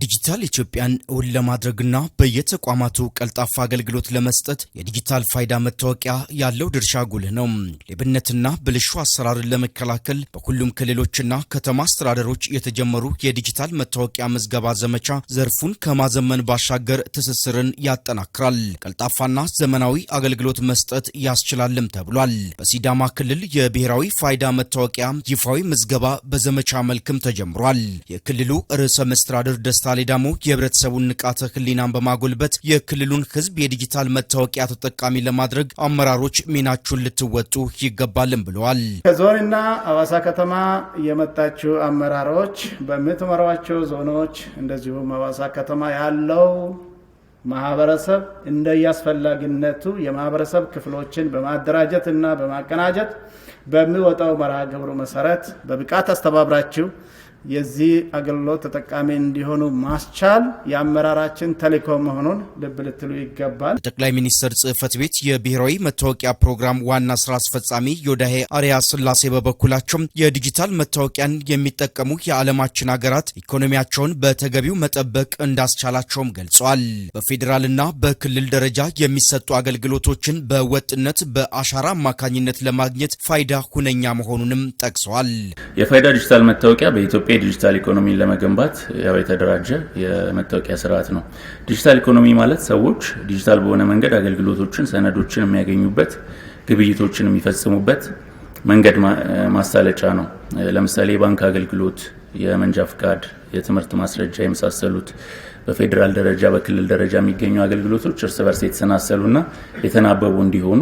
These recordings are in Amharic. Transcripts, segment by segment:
ዲጂታል ኢትዮጵያን እውን ለማድረግና በየተቋማቱ ቀልጣፋ አገልግሎት ለመስጠት የዲጂታል ፋይዳ መታወቂያ ያለው ድርሻ ጉልህ ነው። ሌብነትና ብልሹ አሰራርን ለመከላከል በሁሉም ክልሎችና ከተማ አስተዳደሮች የተጀመሩ የዲጂታል መታወቂያ ምዝገባ ዘመቻ ዘርፉን ከማዘመን ባሻገር ትስስርን ያጠናክራል፣ ቀልጣፋና ዘመናዊ አገልግሎት መስጠት ያስችላልም ተብሏል። በሲዳማ ክልል የብሔራዊ ፋይዳ መታወቂያ ይፋዊ ምዝገባ በዘመቻ መልክም ተጀምሯል። የክልሉ ርዕሰ መስተዳደር ደስ ደስታ ሌ ደግሞ የህብረተሰቡን ንቃተ ህሊናን በማጎልበት የክልሉን ህዝብ የዲጂታል መታወቂያ ተጠቃሚ ለማድረግ አመራሮች ሚናችሁን ልትወጡ ይገባልን ብለዋል። ከዞንና አዋሳ ከተማ የመጣችው አመራሮች በምትመሯቸው ዞኖች እንደዚሁም አዋሳ ከተማ ያለው ማህበረሰብ እንደየአስፈላጊነቱ የማህበረሰብ ክፍሎችን በማደራጀት እና በማቀናጀት በሚወጣው መርሃ ግብሩ መሰረት በብቃት አስተባብራችሁ የዚህ አገልግሎት ተጠቃሚ እንዲሆኑ ማስቻል የአመራራችን ተልዕኮ መሆኑን ልብ ልትሉ ይገባል። ጠቅላይ ሚኒስትር ጽህፈት ቤት የብሔራዊ መታወቂያ ፕሮግራም ዋና ስራ አስፈጻሚ ዮዳሄ አርያ ስላሴ በበኩላቸው የዲጂታል መታወቂያን የሚጠቀሙ የዓለማችን ሀገራት ኢኮኖሚያቸውን በተገቢው መጠበቅ እንዳስቻላቸውም ገልጸዋል። በፌዴራልና በክልል ደረጃ የሚሰጡ አገልግሎቶችን በወጥነት በአሻራ አማካኝነት ለማግኘት ፋይዳ ሁነኛ መሆኑንም ጠቅሰዋል። የፋይዳ ዲጂታል መታወቂያ በኢትዮጵያ የኢትዮጵያ ዲጂታል ኢኮኖሚን ለመገንባት ያው የተደራጀ የመታወቂያ ስርዓት ነው። ዲጂታል ኢኮኖሚ ማለት ሰዎች ዲጂታል በሆነ መንገድ አገልግሎቶችን፣ ሰነዶችን የሚያገኙበት፣ ግብይቶችን የሚፈጽሙበት መንገድ ማሳለጫ ነው። ለምሳሌ የባንክ አገልግሎት፣ የመንጃ ፍቃድ የትምህርት ማስረጃ የመሳሰሉት በፌዴራል ደረጃ በክልል ደረጃ የሚገኙ አገልግሎቶች እርስ በርስ የተሰናሰሉና የተናበቡ እንዲሆኑ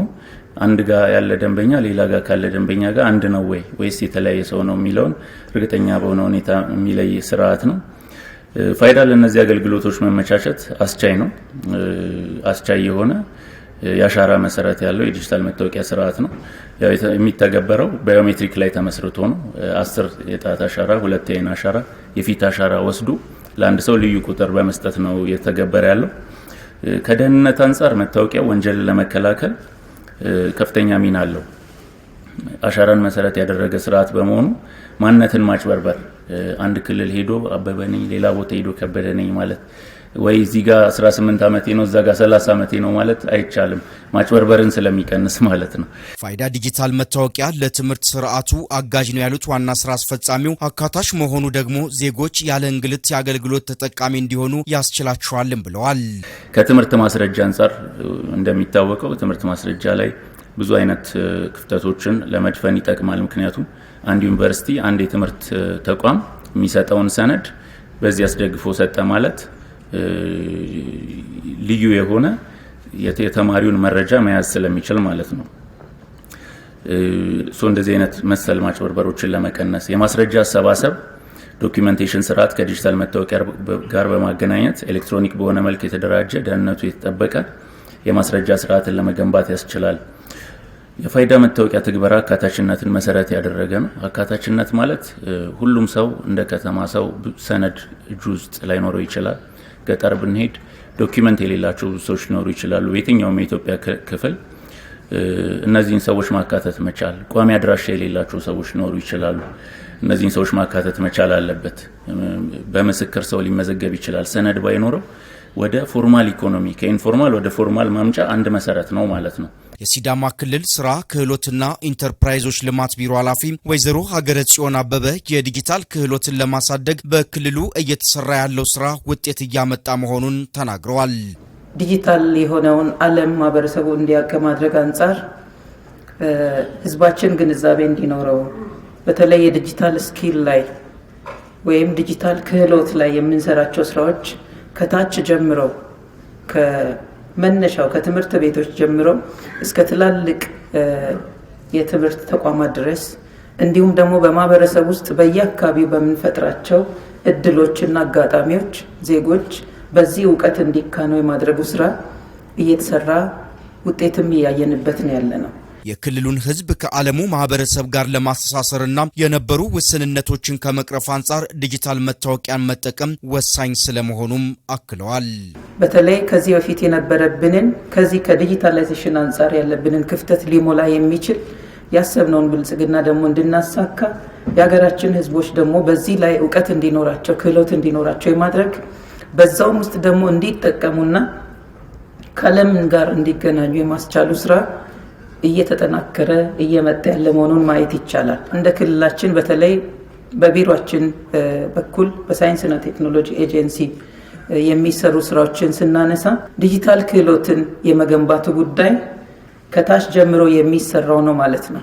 አንድ ጋር ያለ ደንበኛ ሌላ ጋር ካለ ደንበኛ ጋር አንድ ነው ወይ ወይስ የተለያየ ሰው ነው የሚለውን እርግጠኛ በሆነ ሁኔታ የሚለይ ስርዓት ነው። ፋይዳ ለእነዚህ አገልግሎቶች መመቻቸት አስቻይ ነው። አስቻይ የሆነ የአሻራ መሰረት ያለው የዲጂታል መታወቂያ ስርዓት ነው። የሚተገበረው ባዮሜትሪክ ላይ ተመስርቶ ነው። አስር የጣት አሻራ፣ ሁለት የአይን አሻራ የፊት አሻራ ወስዶ ለአንድ ሰው ልዩ ቁጥር በመስጠት ነው የተገበረ ያለው። ከደህንነት አንጻር መታወቂያ ወንጀልን ለመከላከል ከፍተኛ ሚና አለው። አሻራን መሰረት ያደረገ ስርዓት በመሆኑ ማንነትን ማጭበርበር አንድ ክልል ሄዶ አበበ ነኝ፣ ሌላ ቦታ ሄዶ ከበደ ነኝ ማለት ወይ እዚህ ጋር 18 ዓመቴ ነው እዛ ጋር 30 ዓመቴ ነው ማለት አይቻልም። ማጭበርበርን ስለሚቀንስ ማለት ነው። ፋይዳ ዲጂታል መታወቂያ ለትምህርት ስርዓቱ አጋዥ ነው ያሉት ዋና ስራ አስፈጻሚው፣ አካታች መሆኑ ደግሞ ዜጎች ያለ እንግልት የአገልግሎት ተጠቃሚ እንዲሆኑ ያስችላቸዋልም ብለዋል። ከትምህርት ማስረጃ አንጻር እንደሚታወቀው ትምህርት ማስረጃ ላይ ብዙ አይነት ክፍተቶችን ለመድፈን ይጠቅማል። ምክንያቱም አንድ ዩኒቨርሲቲ አንድ የትምህርት ተቋም የሚሰጠውን ሰነድ በዚህ አስደግፎ ሰጠ ማለት ልዩ የሆነ የተማሪውን መረጃ መያዝ ስለሚችል ማለት ነው። ሶ እንደዚህ አይነት መሰል ማጭበርበሮችን ለመቀነስ የማስረጃ አሰባሰብ ዶኪመንቴሽን ስርዓት ከዲጂታል መታወቂያ ጋር በማገናኘት ኤሌክትሮኒክ በሆነ መልክ የተደራጀ ደህንነቱ የተጠበቀ የማስረጃ ስርዓትን ለመገንባት ያስችላል። የፋይዳ መታወቂያ ትግበራ አካታችነትን መሰረት ያደረገ ነው። አካታችነት ማለት ሁሉም ሰው እንደ ከተማ ሰው ሰነድ እጁ ውስጥ ላይኖረው ይችላል። ገጠር ብንሄድ ዶኪመንት የሌላቸው ሰዎች ሊኖሩ ይችላሉ። በየትኛውም የኢትዮጵያ ክፍል እነዚህን ሰዎች ማካተት መቻል፣ ቋሚ አድራሻ የሌላቸው ሰዎች ሊኖሩ ይችላሉ። እነዚህን ሰዎች ማካተት መቻል አለበት። በምስክር ሰው ሊመዘገብ ይችላል። ሰነድ ባይኖረው ወደ ፎርማል ኢኮኖሚ ከኢንፎርማል ወደ ፎርማል ማምጫ አንድ መሰረት ነው ማለት ነው። የሲዳማ ክልል ስራ ክህሎትና ኢንተርፕራይዞች ልማት ቢሮ ኃላፊ ወይዘሮ ሀገረ ጽዮን አበበ የዲጂታል ክህሎትን ለማሳደግ በክልሉ እየተሰራ ያለው ስራ ውጤት እያመጣ መሆኑን ተናግረዋል። ዲጂታል የሆነውን ዓለም ማህበረሰቡ እንዲያውቅ ከማድረግ አንጻር ህዝባችን ግንዛቤ እንዲኖረው በተለይ የዲጂታል ስኪል ላይ ወይም ዲጂታል ክህሎት ላይ የምንሰራቸው ስራዎች ከታች ጀምሮ ከመነሻው ከትምህርት ቤቶች ጀምሮ እስከ ትላልቅ የትምህርት ተቋማት ድረስ እንዲሁም ደግሞ በማህበረሰብ ውስጥ በየአካባቢው በምንፈጥራቸው እድሎችና አጋጣሚዎች ዜጎች በዚህ እውቀት እንዲካነው የማድረጉ ስራ እየተሰራ ውጤትም እያየንበት ነው ያለ ነው። የክልሉን ህዝብ ከዓለሙ ማህበረሰብ ጋር ለማስተሳሰርና የነበሩ ውስንነቶችን ከመቅረፍ አንጻር ዲጂታል መታወቂያን መጠቀም ወሳኝ ስለመሆኑም አክለዋል። በተለይ ከዚህ በፊት የነበረብንን ከዚህ ከዲጂታላይዜሽን አንጻር ያለብንን ክፍተት ሊሞላ የሚችል ያሰብነውን ብልጽግና ደግሞ እንድናሳካ የሀገራችን ህዝቦች ደግሞ በዚህ ላይ እውቀት እንዲኖራቸው ክህሎት እንዲኖራቸው የማድረግ በዛውም ውስጥ ደግሞ እንዲጠቀሙና ከዓለም ጋር እንዲገናኙ የማስቻሉ ስራ እየተጠናከረ እየመጣ ያለ መሆኑን ማየት ይቻላል። እንደ ክልላችን በተለይ በቢሮችን በኩል በሳይንስና ቴክኖሎጂ ኤጀንሲ የሚሰሩ ስራዎችን ስናነሳ ዲጂታል ክህሎትን የመገንባቱ ጉዳይ ከታች ጀምሮ የሚሰራው ነው ማለት ነው።